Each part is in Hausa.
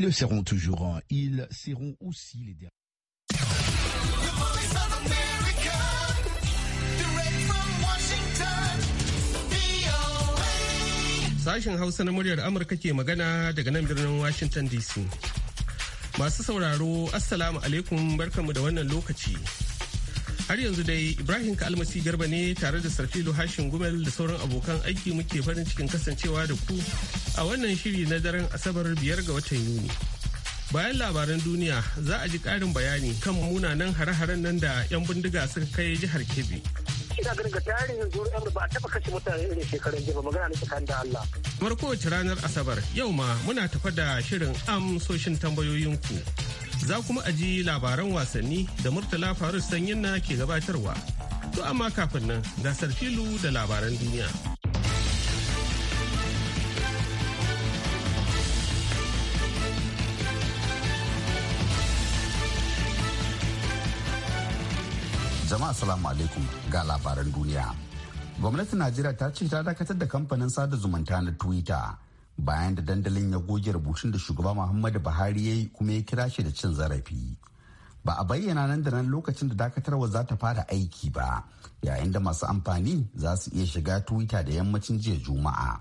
le seront toujours. Ils seront aussi les derniers. Sashen Hausa na muryar Amurka ke magana daga nan birnin Washington DC. Masu sauraro, Assalamu alaikum barkanmu da wannan lokaci. Har yanzu dai Ibrahim Kalmasi Garba ne tare da sarfilo Hashin Gumel da sauran abokan aiki muke farin cikin kasancewa da ku a wannan shiri na daren Asabar biyar ga watan Yuni. Bayan labaran duniya za a ji karin bayani kan munanan hare-haren nan da 'yan bindiga suka kai jihar Kebbi. ina ganin ga tarihin ba a taba kashe mutane irin shekarun jiya magana ne tsakanin da Allah. Kamar kowace ranar Asabar yau ma muna tafa da shirin amsoshin tambayoyinku Za kuma a labaran wasanni da Murtala Faruk Sanyin na ke gabatarwa. To amma kafin nan gasar filu da labaran duniya. Jama'a salamu alaikum ga labaran duniya. Gwamnatin Najeriya ta ce ta dakatar da kamfanin sada zumunta na Twitter bayan da dandalin ya goge rubutun da shugaba muhammadu buhari ya yi kuma ya kira shi da cin zarafi ba a bayyana nan da nan lokacin da dakatarwa za ta fara aiki ba yayin da masu amfani za su iya shiga twitter da yammacin jiya juma'a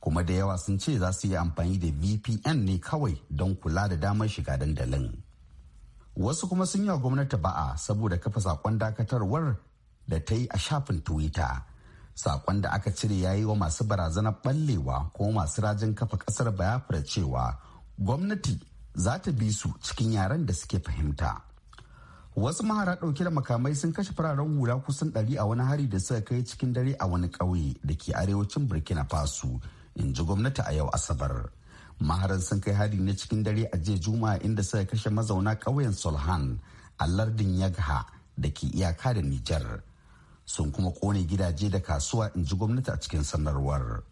kuma da yawa sun ce za su yi amfani da vpn ne kawai don kula da damar shiga dandalin wasu kuma sun yi wa gwamnati ba'a saboda kafa saƙon dakatarwar da ta yi a shafin twitter sakon da aka cire ya yi wa masu barazanar ɓallewa ko masu rajin kafa ƙasar bayafra cewa gwamnati za ta bi su cikin yaren da suke fahimta wasu mahara ɗauke da makamai sun kashe fararen hula kusan ɗari a wani hari da suka kai cikin dare a wani ƙauye da ke arewacin burkina faso in ji gwamnati a yau asabar maharan sun kai hari na cikin dare a jiya juma'a inda suka kashe mazauna ƙauyen solhan a lardin yagha da ke iyaka da nijar sun kuma kone gidaje da kasuwa in ji gwamnati a cikin sanarwar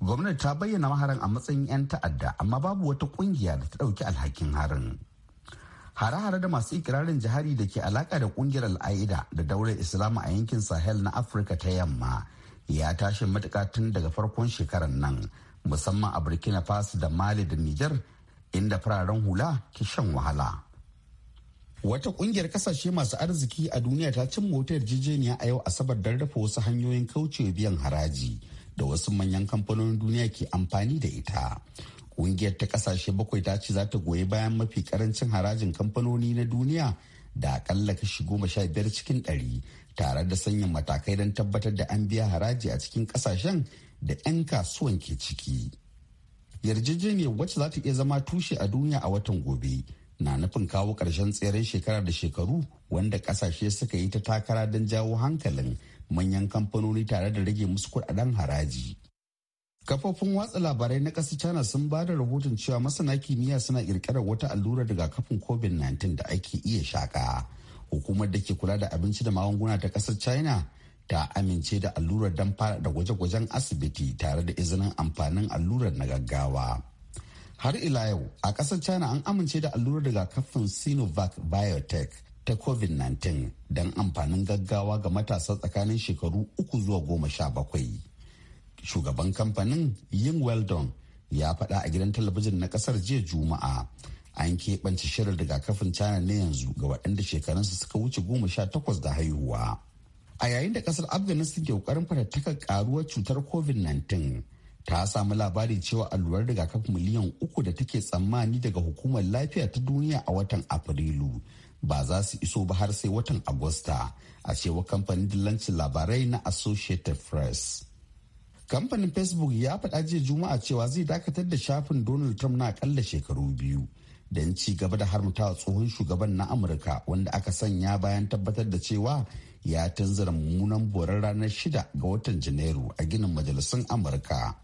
gwamnati ta bayyana maharan a matsayin 'yan ta'adda amma babu wata kungiya da ta ɗauki alhakin harin hare-hare da masu ikirarin jihari da ke alaka da kungiyar al'aida da daular Islam a yankin sahel na afirka ta yamma ya tashi matuƙa tun daga farkon shekarar nan musamman a burkina faso da mali da niger inda fararen hula ke shan wahala Wata kungiyar kasashe masu arziki a duniya ta cin motar yarjejeniya a yau Asabar don rufe wasu hanyoyin kaucewa biyan haraji da wasu manyan kamfanonin duniya ke amfani da ita. Kungiyar ta kasashe bakwai ta ce za ta goyi bayan mafi karancin harajin kamfanoni na duniya da akalla kashi goma sha biyar cikin ɗari tare da sanya matakai don tabbatar da an biya haraji a cikin kasashen da 'yan kasuwan ke ciki. Yarjejeniyar wacce za ta iya zama tushe a duniya a watan gobe. na nufin kawo ƙarshen tseren shekara da shekaru wanda ƙasashe suka yi ta takara don jawo hankalin manyan kamfanoni tare da rage musu kuɗaɗen haraji. Kafofin watsa labarai na ƙasar China sun ba da rahoton cewa masana kimiyya suna ƙirƙirar wata allurar kafin COVID-19 da ake iya shaƙa. Hukumar da ke kula da abinci da magunguna ta ƙasar China ta amince da allurar don fara da gwaje-gwajen asibiti tare da izinin amfanin allurar na gaggawa. har ila yau a ƙasar china an amince da allurar rigakafin sinovac biotech ta covid-19 don amfanin gaggawa ga matasa tsakanin shekaru uku zuwa goma sha bakwai shugaban kamfanin yin weldon ya faɗa a gidan talabijin na ƙasar jiya juma'a an keɓance shirin rigakafin china na yanzu ga waɗanda shekarunsu suka wuce goma sha takwas da haihuwa a yayin da ƙasar afghanistan ke ƙoƙarin fatattakar ƙaruwar cutar covid-19 ta samu labari cewa allurar rigakafi miliyan uku da take tsammani daga hukumar lafiya ta duniya a watan afrilu ba za su iso ba har sai watan agusta a cewa kamfanin dillancin labarai na associated press kamfanin facebook ya faɗa jiya juma'a cewa zai dakatar da shafin donald trump na akalla shekaru biyu don ci gaba da harmatawa tsohon shugaban na amurka wanda aka sanya bayan tabbatar da cewa ya tanzara mummunan borar ranar shida ga watan janairu a ginin majalisun amurka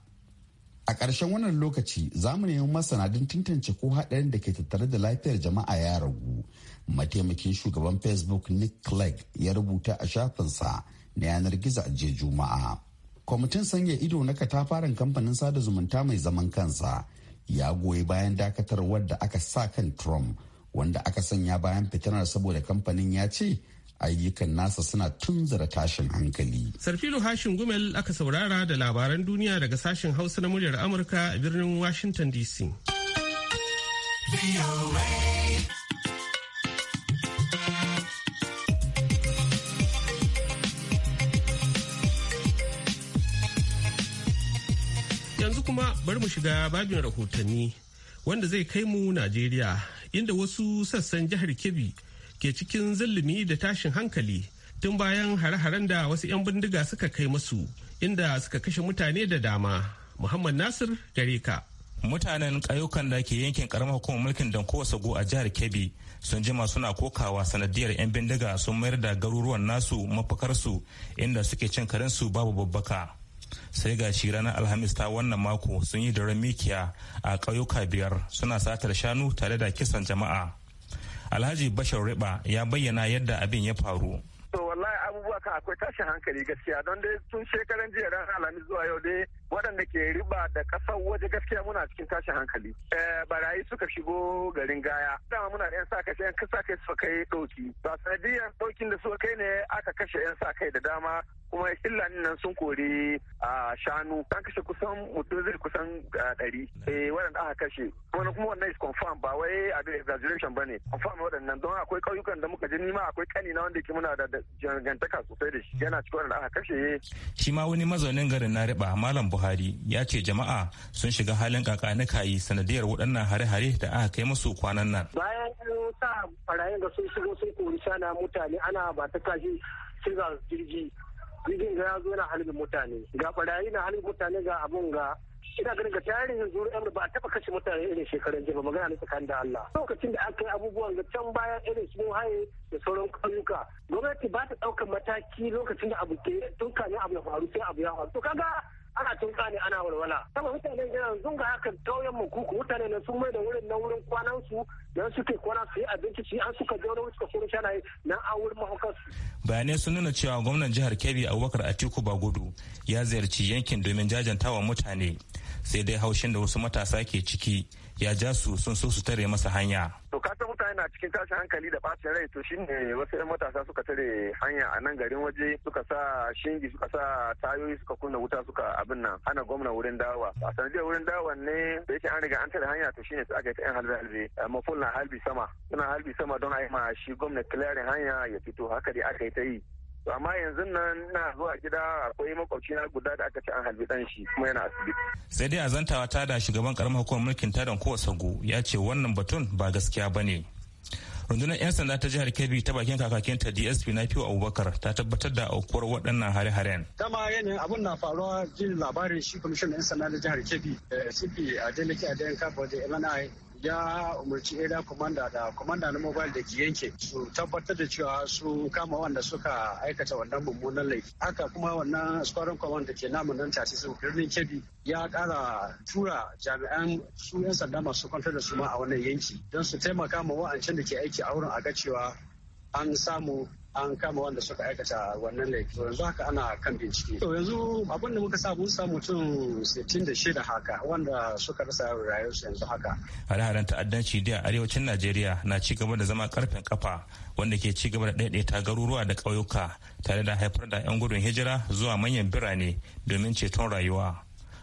A ƙarshen wannan lokaci za mu nemi masana don tantance ko haɗarin da ke tattare da lafiyar jama'a ya ragu. Mataimakin shugaban Facebook Nick Clegg ya rubuta a shafinsa na yanar gizo a jiya Juma'a. Kwamitin sanya ido na katafaren kamfanin sada zumunta mai zaman kansa ya goyi bayan dakatarwar da aka sa kan Trump wanda aka sanya bayan fitinar saboda kamfanin ya ce ayyukan nasa suna tunzura tashin hankali. Sarfilo Hashin Gumel aka saurara da labaran duniya daga sashen Hausa na muryar Amurka a birnin Washington DC. Yanzu kuma bari mu shiga babin rahotanni wanda zai kai mu Najeriya inda wasu sassan jihar Kebbi ke cikin zillimi da tashin hankali tun bayan hare-haren da wasu 'yan bindiga suka kai masu inda suka kashe mutane da dama. Muhammad Nasir gare ka. Mutanen ƙauyukan da ke yankin karamar hukumar mulkin kowace Sago a jihar Kebbi sun jima suna kokawa sanadiyar 'yan bindiga sun mayar da garuruwan nasu mafakarsu inda suke cin karensu babu babbaka sai ga shi ranar alhamis ta wannan mako sun yi da mikiya a ƙauyuka biyar suna satar shanu tare da kisan jama'a alhaji bashar riba ya bayyana yadda abin ya faru to wallahi abubuwa kan akwai tashin hankali gaskiya don dai tun shekaran jiya ran alhamis zuwa yau dai waɗanda ke riba da ƙasar waje gaskiya muna cikin tashin hankali eh, barayi suka shigo garin gaya dama muna da yan sa kai yan kasa kai suka kai ɗauki ba sanadiyar ɗaukin da suka kai ne aka kashe yan sa kai da dama kuma Finland nan sun kori a shanu an kashe kusan mutum zai kusan ɗari eh, waɗanda aka kashe wani kuma wannan is confirm ba wai a exaggeration ba ne confirm waɗannan don akwai ƙauyukan da muka je nima akwai kani na wanda ke muna da jangantaka sosai da shi hmm. yana cikin waɗanda aka kashe. Eh. shi ma wani mazaunin garin na riba malam buhari ya ce jama'a sun shiga halin kaka na kayi sanadiyar waɗannan hare-hare da aka kai musu kwanan nan. bayan sa farayin da sun shigo sun kori sana mutane ana ba ta kashi sai jirgi jirgin ga ya zo yana halin mutane ga barayi na halin mutane ga abun ga ina ganin ga tarihin zuru yamma ba a taba kashe mutane irin shekaran jiya ba magana ne tsakanin da Allah lokacin da aka yi abubuwan ga can bayan irin su haye da sauran kayuka gwamnati ba ta ɗaukar mataki lokacin da abu ke tun kamin abu ya faru sai abu ya faru to kaga ana tunka ne ana walwala saboda mutanen jiran sun ga haka kauyen mu kuku mutane ne sun mai da wurin na wurin kwanan su dan suke kwana su yi abinci su an suka je wurin suka koro shanaye nan a wurin mahaukan su bayanai sun nuna cewa gwamnan jihar Kebbi Abubakar Atiku Bagudu ya ziyarci yankin domin jajantawa mutane sai dai haushin da wasu matasa ke ciki ya ja su sun so su tare masa hanya. To ka mutane na cikin tashin hankali da bacin rai to shine wasu 'yan matasa suka tare hanya a nan garin waje suka sa shingi suka sa tayoyi suka kunna wuta suka abin nan hana gwamna wurin dawa. A sanadiyar wurin dawa ne da yake an riga an tare hanya to shine su aka yi ta 'yan halbe halbe maful na halbi sama suna halbi sama don a yi ma shi gwamna kilarin hanya ya fito haka dai aka yi ta yi. to amma yanzu nan na zuwa gida akwai makwabci na guda da aka ci an halbi dan shi kuma yana asibiti sai dai azantawa ta da shugaban karamar hukumar mulkin tadan ko sago ya ce wannan batun ba gaskiya bane rundunar 'yan sanda ta jihar kebbi ta bakin kakakinta dsp na fiwa abubakar ta tabbatar da aukuwar waɗannan hare-haren dama yanayin abun na faruwa jin labarin shi kwamishin 'yan sanda na jihar kebbi cp a a dayan kafa da mni ya umarci area commander da commander na mobile da ke yanke su tabbatar da cewa su kama wanda suka aikata wannan mummunan laifi haka kuma wannan squadron command da ke namu nan tashi su birnin kebbi ya kara tura jami'an su yan sanda masu kwantar da su ma a wannan yanki don su taimaka ma wa'ancan da ke aiki a wurin a ga cewa an samu an kama wanda suka aikata wannan laifi yanzu haka ana kan bincike to yanzu abin da muka sa mun sa mutum 66 haka wanda suka rasa rayuwarsu yanzu haka hare-haren ta'addanci da arewacin Najeriya na ci gaba da zama karfen kafa wanda ke ci gaba da daidaita garuruwa da ƙauyuka tare da haifar da 'yan gudun hijira zuwa manyan birane domin ceton rayuwa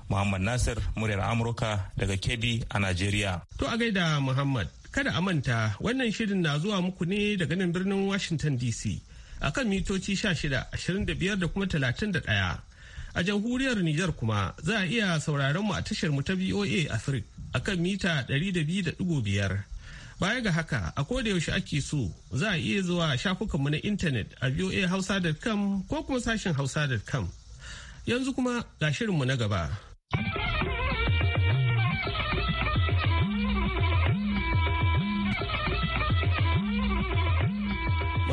Muhammad Nasir muryar Amurka daga Kebbi a Najeriya. To a gaida Muhammad. Kada a manta wannan shirin na zuwa muku ne daga nan birnin Washington DC a kan mitoci 16, 25 da kuma 31. A jamhuriyar Nijar kuma za a iya sauraron mu a tashar mu ta VOA Africa akan mita biyar. Baya ga haka a koda yaushe ake so za a iya zuwa shafukanmu na intanet a voahausa.com ko kuma sashin hausa.com. Yanzu kuma ga shirinmu na gaba.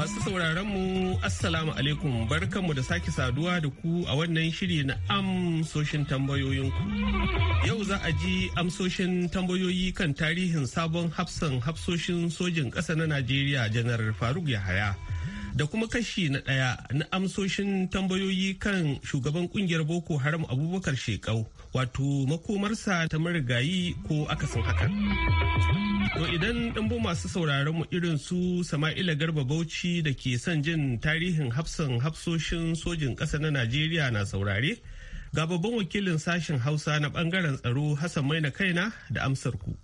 Masu sauraron mu Assalamu alaikum barkanmu da sake saduwa da ku a wannan shiri na amsoshin tambayoyinku. Yau za a ji amsoshin tambayoyi kan tarihin sabon hafsan hafsoshin sojin ƙasa na Najeriya janar Faruk Yahaya. Da kuma kashi na ɗaya na amsoshin tambayoyi kan shugaban kungiyar Boko Haram Abubakar Shekau wato makomarsa ta marigayi ko akasin hakan. To idan ɗanbo masu sauraron mu irin su Sama'ila Garba Bauchi da ke son jin tarihin hafsan hafsoshin sojin ƙasa na Najeriya na saurare, ga babban wakilin sashen Hausa na ɓangaren tsaro Hassan Maina Kaina da amsar ku.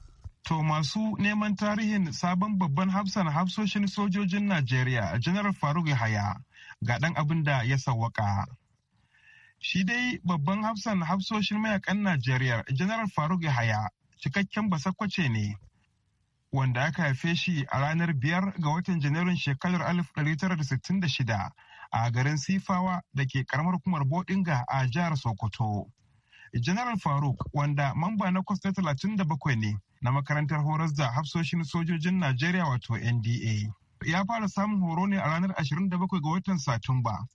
To masu neman tarihin sabon babban hafsan hafsoshin sojojin Najeriya, Janaral Faruk Yahaya, ga ɗan abin da ya sawwaka. Shi dai babban hafsan hafsoshin mayakan Najeriya, Janaral Faruk Yahaya, cikakken basakwace ne. wanda aka haife shi a ranar biyar ga watan janairun shekarar 1966 a garin sifawa da ke karamar kumar bodinga a jihar sokoto general faruk wanda mamba na kwastai 37 ne na makarantar horas da hafsoshin sojojin najeriya wato nda ya fara samun horo ne a ranar 27 ga watan satumba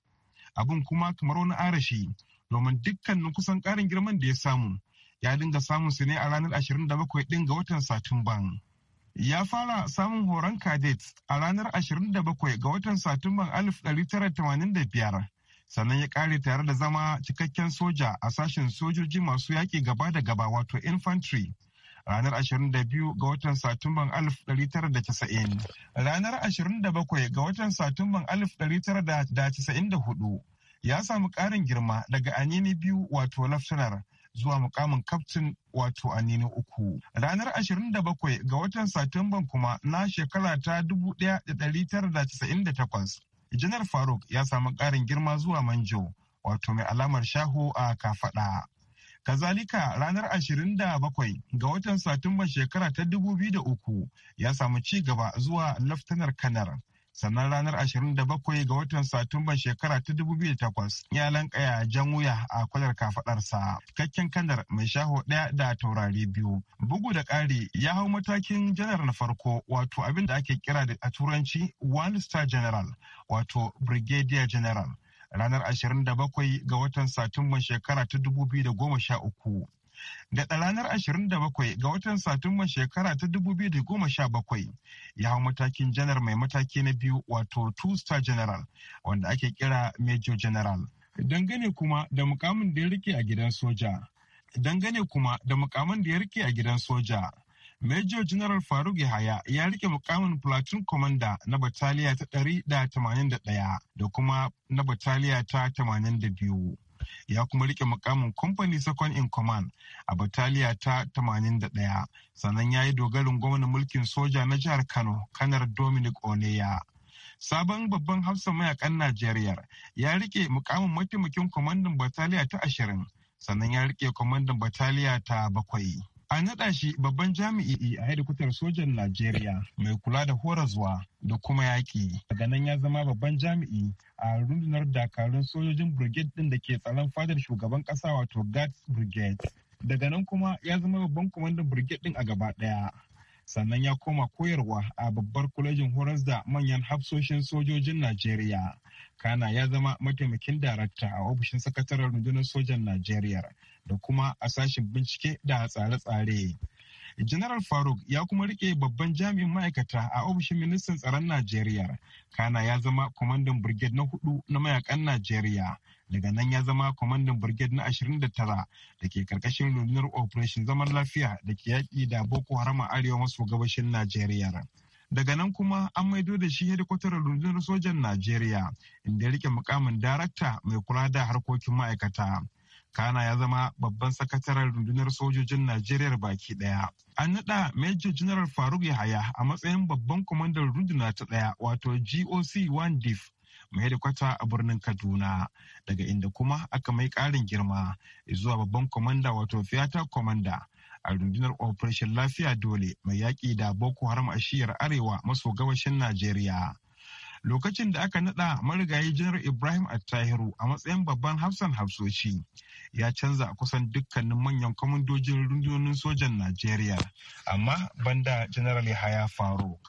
abin kuma kamar wani arashi domin dukkanin kusan karin girman da ya samu ya dinga samun su ne a ranar 27 din ga watan satumban. ya fara samun horon cadet a ranar 27 ga watan Satumban 1985 sannan ya kare tare da zama cikakken soja a sashen sojoji masu yaƙi gaba da gaba wato infantry ranar 22 ga watan Satumban 1990. Ranar 27 ga watan Satumban 1994 ya samu ƙarin girma daga anini biyu wato laftanar zuwa mukamin kaftin wato a nini uku. Ranar 27 ga watan Satumban kuma na shekara ta 1998, Janar Faruk ya samu ƙarin girma zuwa manjo wato mai alamar shaho a kafaɗa. Kazalika ranar 27 ga watan Satumban shekara ta 2003 ya samu ci gaba zuwa laftanar kanar. sannan ranar 27 ga watan satumban shekara ta 2008 ya lankaya jan wuya a kwalar kafadarsa kakken kanar mai shaho ɗaya da taurari biyu bugu da ƙari ya hau matakin janar na farko wato abin da ake kira da a turanci one star general wato brigadier general ranar 27 ga watan satumban shekara ta 2013 Daɗa ranar 27 ga watan Satumban shekara ta 2017 ya hau matakin janar mai mataki na biyu wato two star general wanda ake kira major general dangane kuma da mukamin da ya rike a gidan soja dangane kuma da mukamin da ya rike a gidan soja Major General Faruk Yahaya ya rike mukamin Platoon Commander na bataliya ta 181 da kuma na bataliya ta 82. ya kuma rike mukamin Company Second in Command a Bataliya ta 81 sannan ya yi dogarin gwamnan mulkin soja na jihar Kano kanar Dominic Oneya. Sabon babban hafsa mayakan Najeriya ya rike mukamin mataimakin kwamandan Bataliya ta ashirin sannan ya rike kwamandan Bataliya ta bakwai. An naɗa shi babban jami'i a hedikwatar sojan Najeriya mai kula da horazwa da kuma yaƙi. Daga nan ya zama babban jami'i a rundunar dakarun sojojin brigade ɗin da ke tsaron fadar shugaban ƙasa wato Guards Brigade. Daga nan kuma ya zama babban kwamandan brigade ɗin a gaba ɗaya. Sannan ya koma koyarwa a babbar kwalejin horas da manyan hafsoshin sojojin Najeriya. kana ya zama mataimakin darakta a ofishin sakataren rundunar sojan najeriya da kuma a sashen bincike da tsare-tsare General Faruk ya kuma rike babban jami'in ma'aikata a ofishin ministan tsaron Najeriya. Kana ya zama kwamandan Brigade na hudu na mayakan Najeriya. Daga nan ya zama kwamandan Brigade na 29 da ke karkashin rundunar Operation Zaman Lafiya da ke yaƙi da Boko Haram a arewa maso gabashin Najeriya. daga nan kuma an maido da shi hedikwatar rundunar sojan najeriya inda ya rike mukamin darakta mai kula da harkokin ma'aikata kana ya zama babban sakataren rundunar sojojin najeriya baki daya an naɗa major general faruk yahaya a matsayin babban kwamandan runduna ta daya wato goc 1 div mai hedikwata a birnin kaduna daga inda kuma aka mai karin girma zuwa babban kwamanda wato theater kwamanda a rundunar operation lafiya dole mai yaƙi da boko haram a shiyar arewa maso gabashin najeriya lokacin da aka nada marigayi janar ibrahim attahiru a matsayin babban hafsan hafsoci ya canza kusan dukkanin manyan kwamandojin rundunonin sojan najeriya amma banda janar yahaya faruk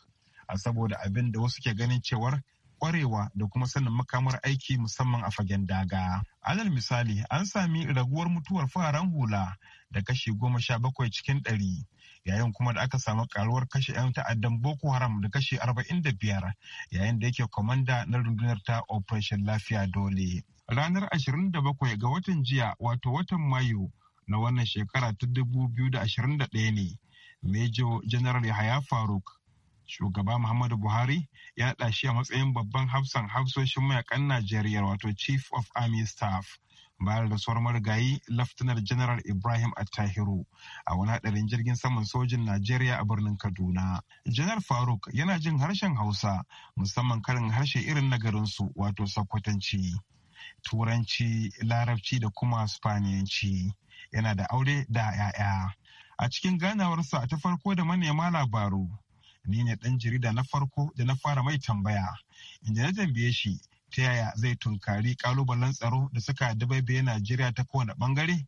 a saboda abin da wasu ke ganin cewar kwarewa da kuma sanin makamar aiki musamman a fagen daga. Alal misali an sami raguwar mutuwar fararen hula da kashi goma sha bakwai cikin ɗari yayin kuma da aka samu karuwar kashe 'yan ta'addan Boko Haram da kashi arba'in da biyar yayin da yake kwamanda na rundunar ta Operation Lafiya Dole. Ranar ashirin da bakwai ga watan jiya wato watan Mayu na wannan shekara ta dubu biyu da ashirin da ɗaya ne. Major General Yahaya Faruk shugaba Muhammadu Buhari ya naɗa shi a matsayin babban hafsan hafsoshin mayakan Najeriya wato Chief of Army Staff. Bayar da sauran marigayi Laftanar General Ibrahim Attahiru a wani haɗarin jirgin saman sojin Najeriya a birnin Kaduna. Janar Faruk yana jin harshen Hausa musamman karin harshe irin na garinsu wato Sokotanci, Turanci, Larabci da kuma Spaniyanci. Yana da aure da 'ya'ya. A cikin ganawarsa ta farko da manema labaru, ni ne ɗan jarida na farko da na fara mai tambaya inda na tambaye shi ta yaya zai tunkari kalubalen tsaro da suka dabaibaye najeriya ta kowane bangare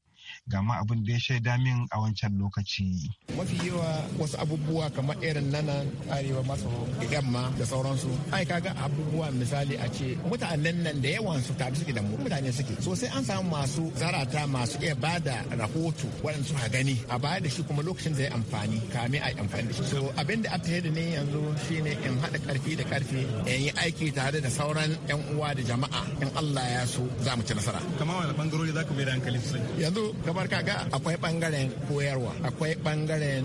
ga ma abin da ya shaida min a wancan lokaci. Mafi yawa wasu abubuwa kamar irin nana arewa maso yamma da sauransu. Ai kaga abubuwa misali a ce mutanen nan da yawan su tabi suke da mu mutane suke. So sai an samu masu zarata masu iya ba da rahoto waɗansu a gani a baya da shi kuma lokacin da ya amfani kame a amfani da shi. So abin da aka yadda ne yanzu shine in haɗa ƙarfi da ƙarfi in yi aiki tare da sauran 'yan uwa da jama'a in Allah ya so za mu ci nasara. Kamar wani bangarori za ku mai da hankali sosai. Yanzu kamar kaga akwai bangaren koyarwa akwai bangaren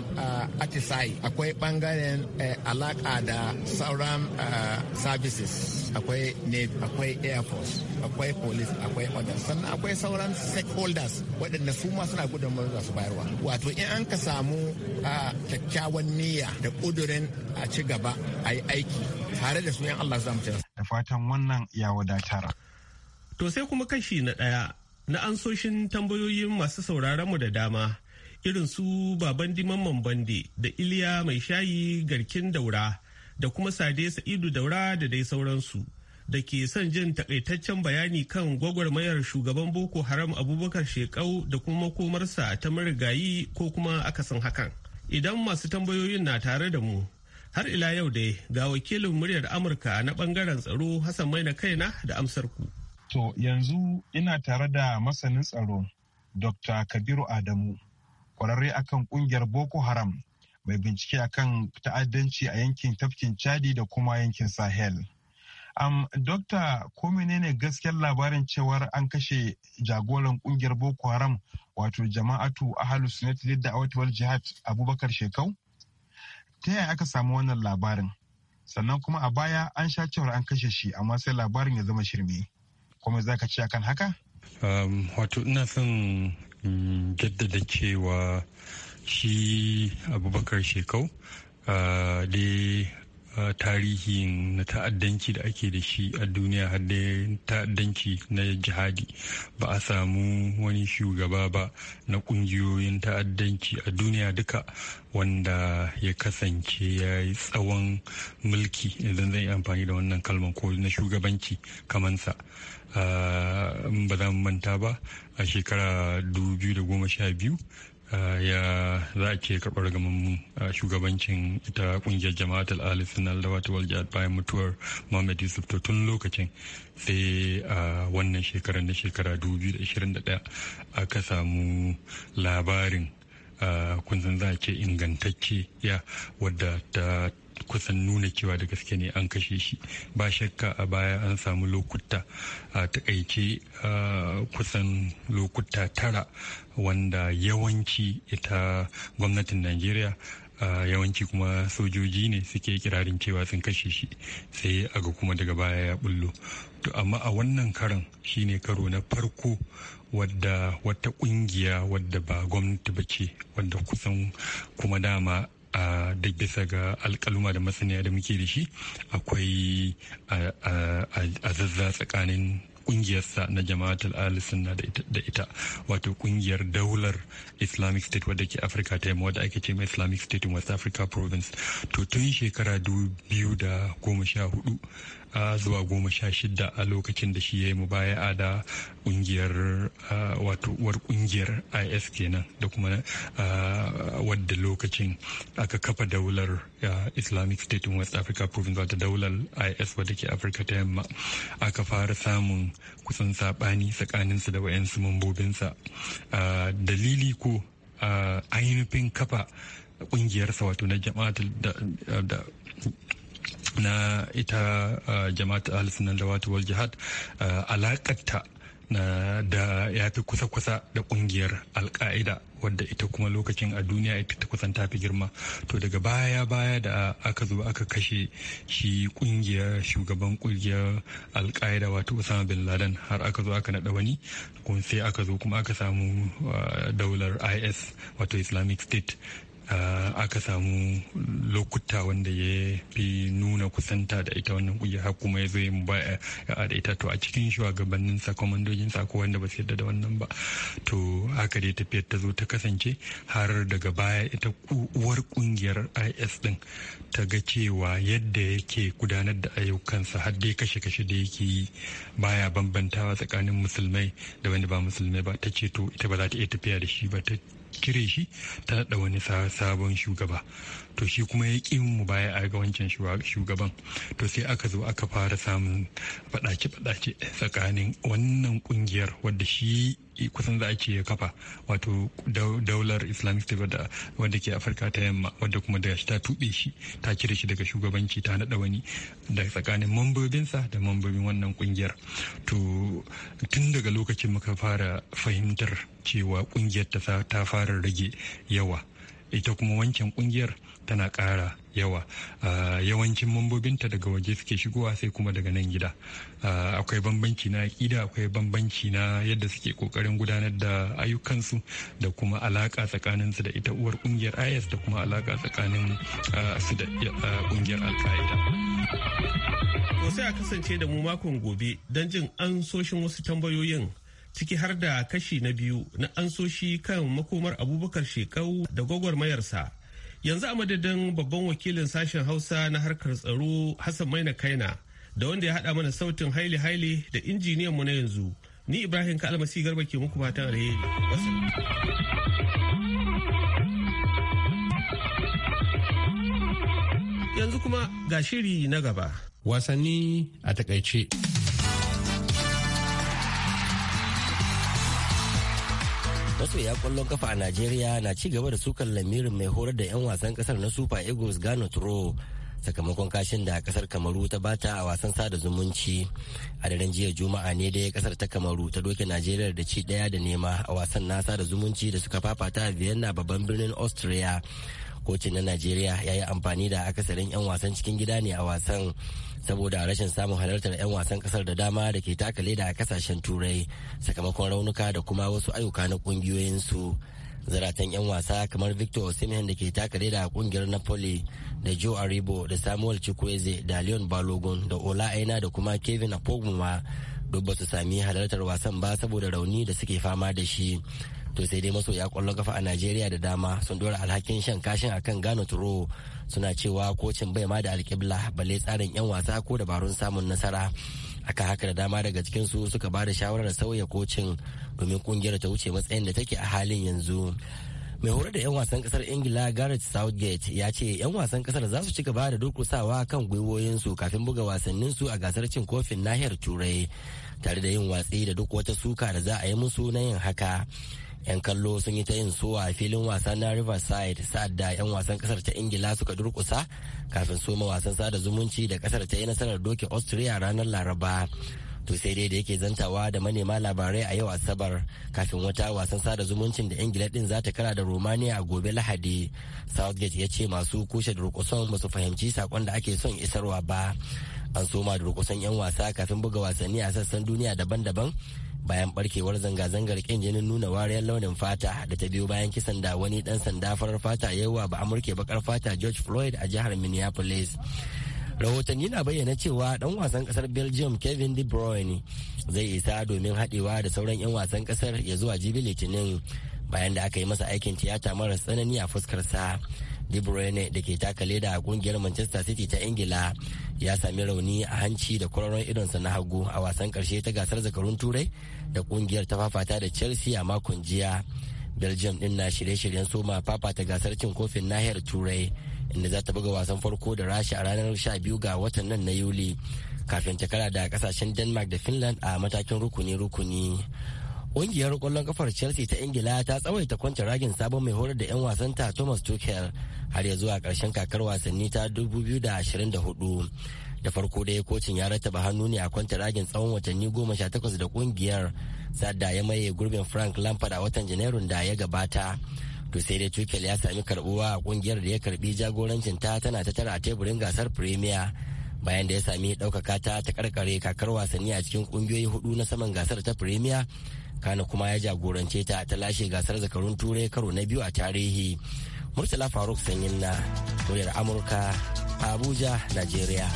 atisai ah, akwai bangaren eh, alaka da sauran ah, services akwai navy akwai air force akwai police akwai others sannan akwai sauran stakeholders waɗanda su ma suna gudun da su bayarwa wato in an ka samu ah, kyakkyawan niyya da ƙudurin a ci gaba a yi aiki tare da su yan Allah za da fatan wannan ya wadatar to sai kuma kashi na ɗaya na ansoshin tambayoyin masu mu da dama irin su baban diman bande da iliya mai shayi garkin daura da kuma sade sa'idu daura da dai sauransu da ke son jin takaitaccen bayani kan gwagwarmayar shugaban boko haram abubakar shekau da kuma makomarsa ta marigayi ko kuma akasin hakan idan masu tambayoyin na tare da mu har ila yau dai ga wakilin muryar amurka na bangaren tsaro hassan mai na kaina da amsar ku. To yanzu ina tare da masanin tsaro Dr. Kabiru Adamu, kwararre akan kungiyar Boko Haram mai bincike akan ta'addanci a yankin tafkin Chadi da kuma yankin Sahel. Um, Dokta, ko menene gaskiyar labarin cewar an kashe jagoran kungiyar Boko Haram wato jama'atu ahalu sunnat lidda wal jihad Abubakar Shekau? Ta yaya aka samu wannan labarin? Sannan kuma a baya an sha cewar an kashe shi amma sai labarin ya zama shirme. kuma za ka ci akan haka? Um, wato ina son jaddada cewa shi abubakar shekau uh, dai tarihin na ta'addanci da ake da shi a duniya har da ta'addanci na jihadi ba a samu wani shugaba ba na kungiyoyin ta'addanci a duniya duka wanda ya kasance ya yi tsawon mulki idan zai yi amfani da wannan kalmar ko na shugabanci kamansa ah, ba za mu manta ba a shekara 2012 Ah, ya za a ke karɓar gaman ah, shugabancin ita ƙungiyar jama'atul alif sunan lawata wal bayan mutuwar Muhammad Yusuf to tun lokacin sai a ah, wannan shekarar na shekara 2021 aka samu labarin kun za a ce ingantacce ya wadda ta kusan nuna cewa da gaske ne an kashe shi ba shakka a baya an samu lokuta a takaice kusan lokuta tara wanda yawanci ita gwamnatin najeriya yawanci kuma sojoji ne suke kirarin cewa sun kashe shi sai aga kuma daga baya ya bullo to amma a wannan karan shine karo na farko wadda wata kungiya wadda ba gwamnati ba ce wadda kusan kuma dama a duk bisa ga alkaluma da masaniya da muke da shi akwai a zazza tsakanin kungiyarsa na jama'atul alisunna da ita wato kungiyar daular islamic state wadda ke afirka ta yamma wadda ake ce mai islamic state in west africa province to tun shekara 2014 zuwa goma sha shida a lokacin da shi ya yi mubaya'a da kungiyar wato uwar kungiyar is kenan da kuma wadda lokacin aka kafa daular islamic state in west africa province wata daular is wadda ke afirka ta yamma aka fara samun kusan sabani tsakaninsa da wayansu mambobinsa dalili ko ainihin kafa kungiyarsa wato na jama'a da na ita uh, jama'at al-sunan da wata wal jihad uh, alakarta da ya fi kusa-kusa da kungiyar alka'ida wadda ita kuma lokacin a duniya ita ta kusan ta fi girma to daga baya-baya da aka zo aka kashe shi kungiyar shugaban kungiyar alka'ida wato usama bin laden har aka zo aka naɗa wani sai aka zo kuma aka samu uh, daular is wato islamic state aka samu lokuta wanda ya fi nuna kusanta da ita wannan kuyi har kuma ya zo yin baya da ita to a cikin shugabannin sa kwamandojin ko wanda ba su yadda da wannan ba to haka dai tafiyar ta zo ta kasance har daga baya ita uwar kungiyar is din ta ga cewa yadda yake gudanar da ayyukansa har dai kashe-kashe da yake yi baya bambantawa tsakanin musulmai da wanda ba musulmai ba ta ce to ita ba za ta iya tafiya da shi ba ta kire shi ta naɗa wani sabon shugaba to shi kuma ya ƙi mu baya a ga wancan shugaban to sai aka zo aka fara samun faɗace-faɗace tsakanin wannan ƙungiyar wadda shi kusan za a ce ya kafa wato daular islamic state wadda ke afirka ta yamma wadda kuma da shi ta tuɓe shi ta cire shi daga shugabanci ta naɗa wani da tsakanin mambobinsa da mambobin wannan kungiyar to tun daga lokacin muka fara fahimtar cewa kungiyar ta fara rage yawa ita kuma wancan kungiyar tana ƙara yawa yawancin mambobinta daga waje suke shigowa sai kuma daga nan gida akwai bambanci na ƙida akwai bambanci na yadda suke ƙoƙarin gudanar da ayyukansu da kuma alaƙa tsakaninsu da ita uwar ƙungiyar is da kuma alaƙa tsakanin su da ƙungiyar alƙa'ida to sai a kasance da mu makon gobe don jin ansoshin wasu tambayoyin ciki har da kashi na biyu na ansoshi kan makomar abubakar shekau da gwagwarmayarsa yanzu a madadin babban wakilin sashen hausa na harkar tsaro hassan maina kaina da wanda ya haɗa mana sautin haile haile da injiniyan mu na yanzu ni ibrahim kalmasi garba ke muku fatan alheri yanzu kuma ga shiri na gaba wasanni a takaice masoya kwallon kafa a najeriya na ci gaba da sukan lamirin mai horar da 'yan wasan kasar na super eagles gano turo sakamakon kashin da kasar kamaru ta bata a wasan sada zumunci a daren jiya juma'a ne dai kasar ta kamaru ta doke najeriya da ci daya da nema a wasan na sada zumunci da suka fafata a vienna babban birnin austria kocin na najeriya ya yi amfani da akasarin 'yan wasan cikin gida ne a wasan saboda rashin samun halartar 'yan wasan kasar da dama da ke taka leda a kasashen turai sakamakon raunuka da kuma wasu ayyuka na kungiyoyinsu zaratan 'yan wasa kamar victor osimhen da ke taka leda a kungiyar napoli da joe aribo da samuel chukwueze da leon balogun da ola aina da kuma kevin apogbuma duk ba su sami halartar wasan ba saboda rauni da suke fama da shi to sai dai masoya kwallon kafa a najeriya da dama sun dora alhakin shan kashin akan gano turo suna cewa kocin bai ma da alkibla balle tsarin yan wasa ko dabarun samun nasara aka haka da dama daga cikinsu suka ba da shawarar sauya kocin domin kungiyar ta wuce matsayin da take a halin yanzu mai horar da 'yan wasan kasar ingila gareth southgate ya ce 'yan wasan kasar za su ci gaba da durkusawa kan gwiwoyinsu kafin buga wasanninsu a gasar cin kofin nahiyar turai tare da yin watsi da duk wata suka da za a yi musu na yin haka 'yan kallo sun yi ta yin suwa a filin wasa na riverside sa'ad da 'yan wasan kasar ta ingila suka durkusa kafin soma wasan sada zumunci da kasar ta yi nasarar doke austria ranar laraba to sai dai da yake zantawa da manema labarai a yau asabar kafin wata wasan sada zumuncin da ingila din za ta kara da romania gobe lahadi southgate ya ce masu kushe durkusan ba su fahimci sakon da ake son isarwa ba an soma durkusan 'yan wasa kafin buga wasanni a sassan duniya daban-daban bayan barkewar zanga-zangar kin jinin nuna wariyar launin fata da ta biyo bayan kisan da wani dan sanda farar fata yawa ba amurke bakar fata george floyd a jihar minneapolis rahotanni na bayyana cewa dan wasan kasar belgium kevin de bruyne zai isa domin haɗewa da sauran 'yan wasan kasar ya zuwa jibi litinin bayan da aka yi masa aikin tiyata mara tsanani a fuskarsa. sa De Bruyne da ke taka leda a kungiyar Manchester City ta Ingila ya sami rauni a hanci da kwararon idonsa na hagu a wasan karshe ta gasar zakarun turai da kungiyar ta fafata da Chelsea a makon jiya. Belgium din na shirye-shiryen soma fafata gasar cin kofin nahiyar turai inda za ta buga wasan farko da Rasha a ranar 12 ga watan nan na Yuli kafin ta kara da kasashen Denmark da Finland a matakin rukuni-rukuni. Ƙungiyar ƙwallon kafar Chelsea ta Ingila ta tsawaita kwanta ragin sabon mai horar da 'yan wasan ta Thomas Tuchel har ya zuwa ƙarshen kakar wasanni ta 2024. Da farko dai kocin ya rattaba hannu ne a kwanta ragin tsawon watanni goma sha takwas da ƙungiyar sadda ya maye gurbin Frank Lampard a watan Janairun da ya gabata. To sai dai Tuchel ya sami karbuwa a ƙungiyar da ya karbi jagorancin ta tana ta tara a teburin gasar Premier. bayan da ya sami ɗaukaka ta ta karkare kakar wasanni a cikin ƙungiyoyi hudu na saman gasar ta Premier kana kuma ya jagorance ta ta lashe gasar zakarun turai karo na biyu a tarihi murtala faruk sanyin na muryar amurka abuja najeriya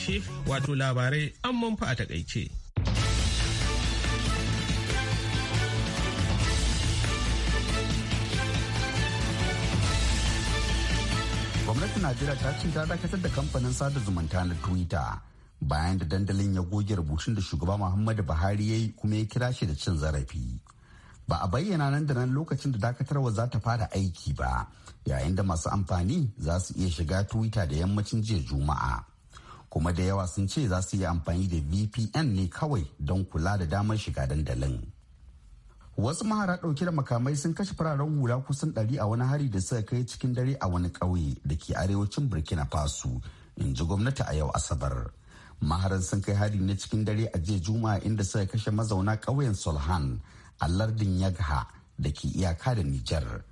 ƙarshe wato labarai an manfa a takaice. gwamnatin najeriya ta ce ta dakatar da kamfanin sada zumunta na twitter bayan da dandalin ya goge rubutun da shugaba muhammadu buhari ya yi kuma ya kira shi da cin zarafi ba a bayyana nan da nan lokacin da dakatarwa za ta fara aiki ba yayin da masu amfani za su iya shiga twitter da yammacin jiya juma'a kuma da yawa sun ce za su yi amfani da vpn ne kawai don kula da damar shiga dandalin wasu mahara ɗauke da makamai sun kashe fararen hula kusan ɗari a wani hari da suka kai cikin dare a wani ƙauye da ke arewacin burkina faso in ji gwamnati a yau asabar maharan sun kai hari na cikin dare a jiya juma'a inda suka kashe mazauna ƙauyen solhan a lardin yagha da ke iyaka da nijar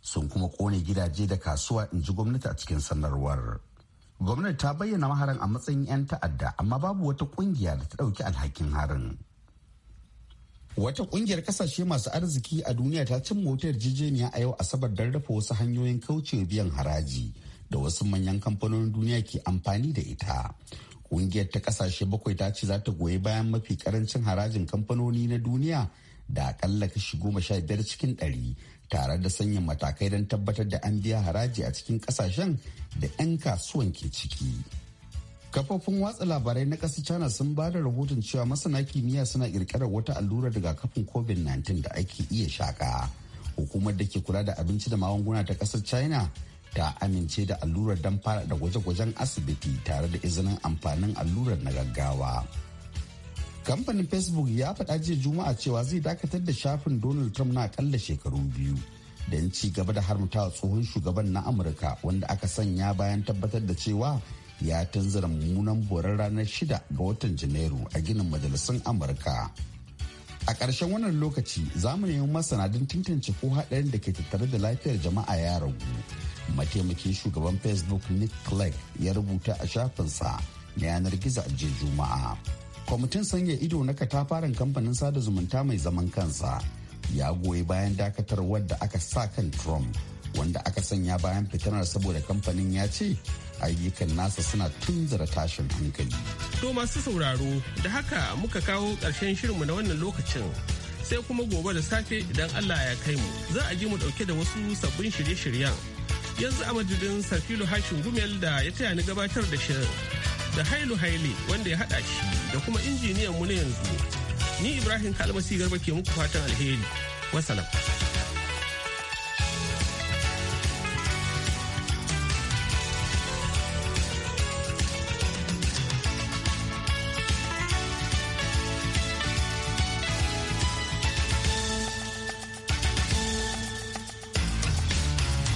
sun kuma kone gidaje da kasuwa in ji gwamnati a cikin sanarwar. gwamnati ta bayyana maharan a matsayin 'yan ta'adda amma babu wata kungiya da ta dauki alhakin harin wata kungiyar kasashe masu arziki a duniya ta cin motar jijeniya a yau asabar don rufe wasu hanyoyin kaucewa biyan haraji da wasu manyan kamfanonin duniya ke amfani da ita kungiyar ta kasashe bakwai ta ce za ta goyi bayan mafi karancin harajin kamfanoni na duniya da akalla kashi goma sha biyar cikin ɗari tare da sanya matakai don tabbatar da an biya haraji a cikin kasashen da 'yan kasuwan ke ciki. Kafofin watsa labarai na ƙasar China sun ba da rahoton cewa masana kimiyya suna ƙirƙirar wata allurar kafin COVID-19 da ake iya shaƙa. Hukumar da ke kula da abinci da magunguna ta ƙasar China ta amince da allurar don fara da gwaje-gwajen asibiti tare da izinin amfanin allurar na gaggawa. kamfanin facebook ya faɗa jiya juma'a cewa zai dakatar da shafin donald trump na akalla shekaru biyu don ci gaba da harmata tsohon shugaban na amurka wanda aka sanya bayan tabbatar da cewa ya tunzura mummunan borar ranar shida ga watan janairu a ginin majalisun amurka a ƙarshen wannan lokaci za mu nemi masana don tantance ko haɗarin da ke tattare da lafiyar jama'a ya ragu mataimakin shugaban facebook nick clegg ya rubuta a shafinsa na yanar gizo a jiya juma'a kwamitin sanya ido na katafaren kamfanin sada zumunta mai zaman kansa ya goyi bayan dakatar wadda aka sa kan trump wanda aka sanya bayan fitinar saboda kamfanin ya ce ayyukan nasa suna tunzara tashin hankali to masu sauraro da haka muka kawo ƙarshen shirinmu na wannan lokacin sai kuma gobe da safe idan allah ya kai mu za a ji mu dauke da wasu sabbin shirye-shiryen yanzu a madadin sarfilo hashin gumel da ya taya ni gabatar da shirin da hailu haile wanda ya haɗa shi da kuma injiniyan mu na yanzu ni ibrahim kalmasi garba ke muku fatan alheri wasalam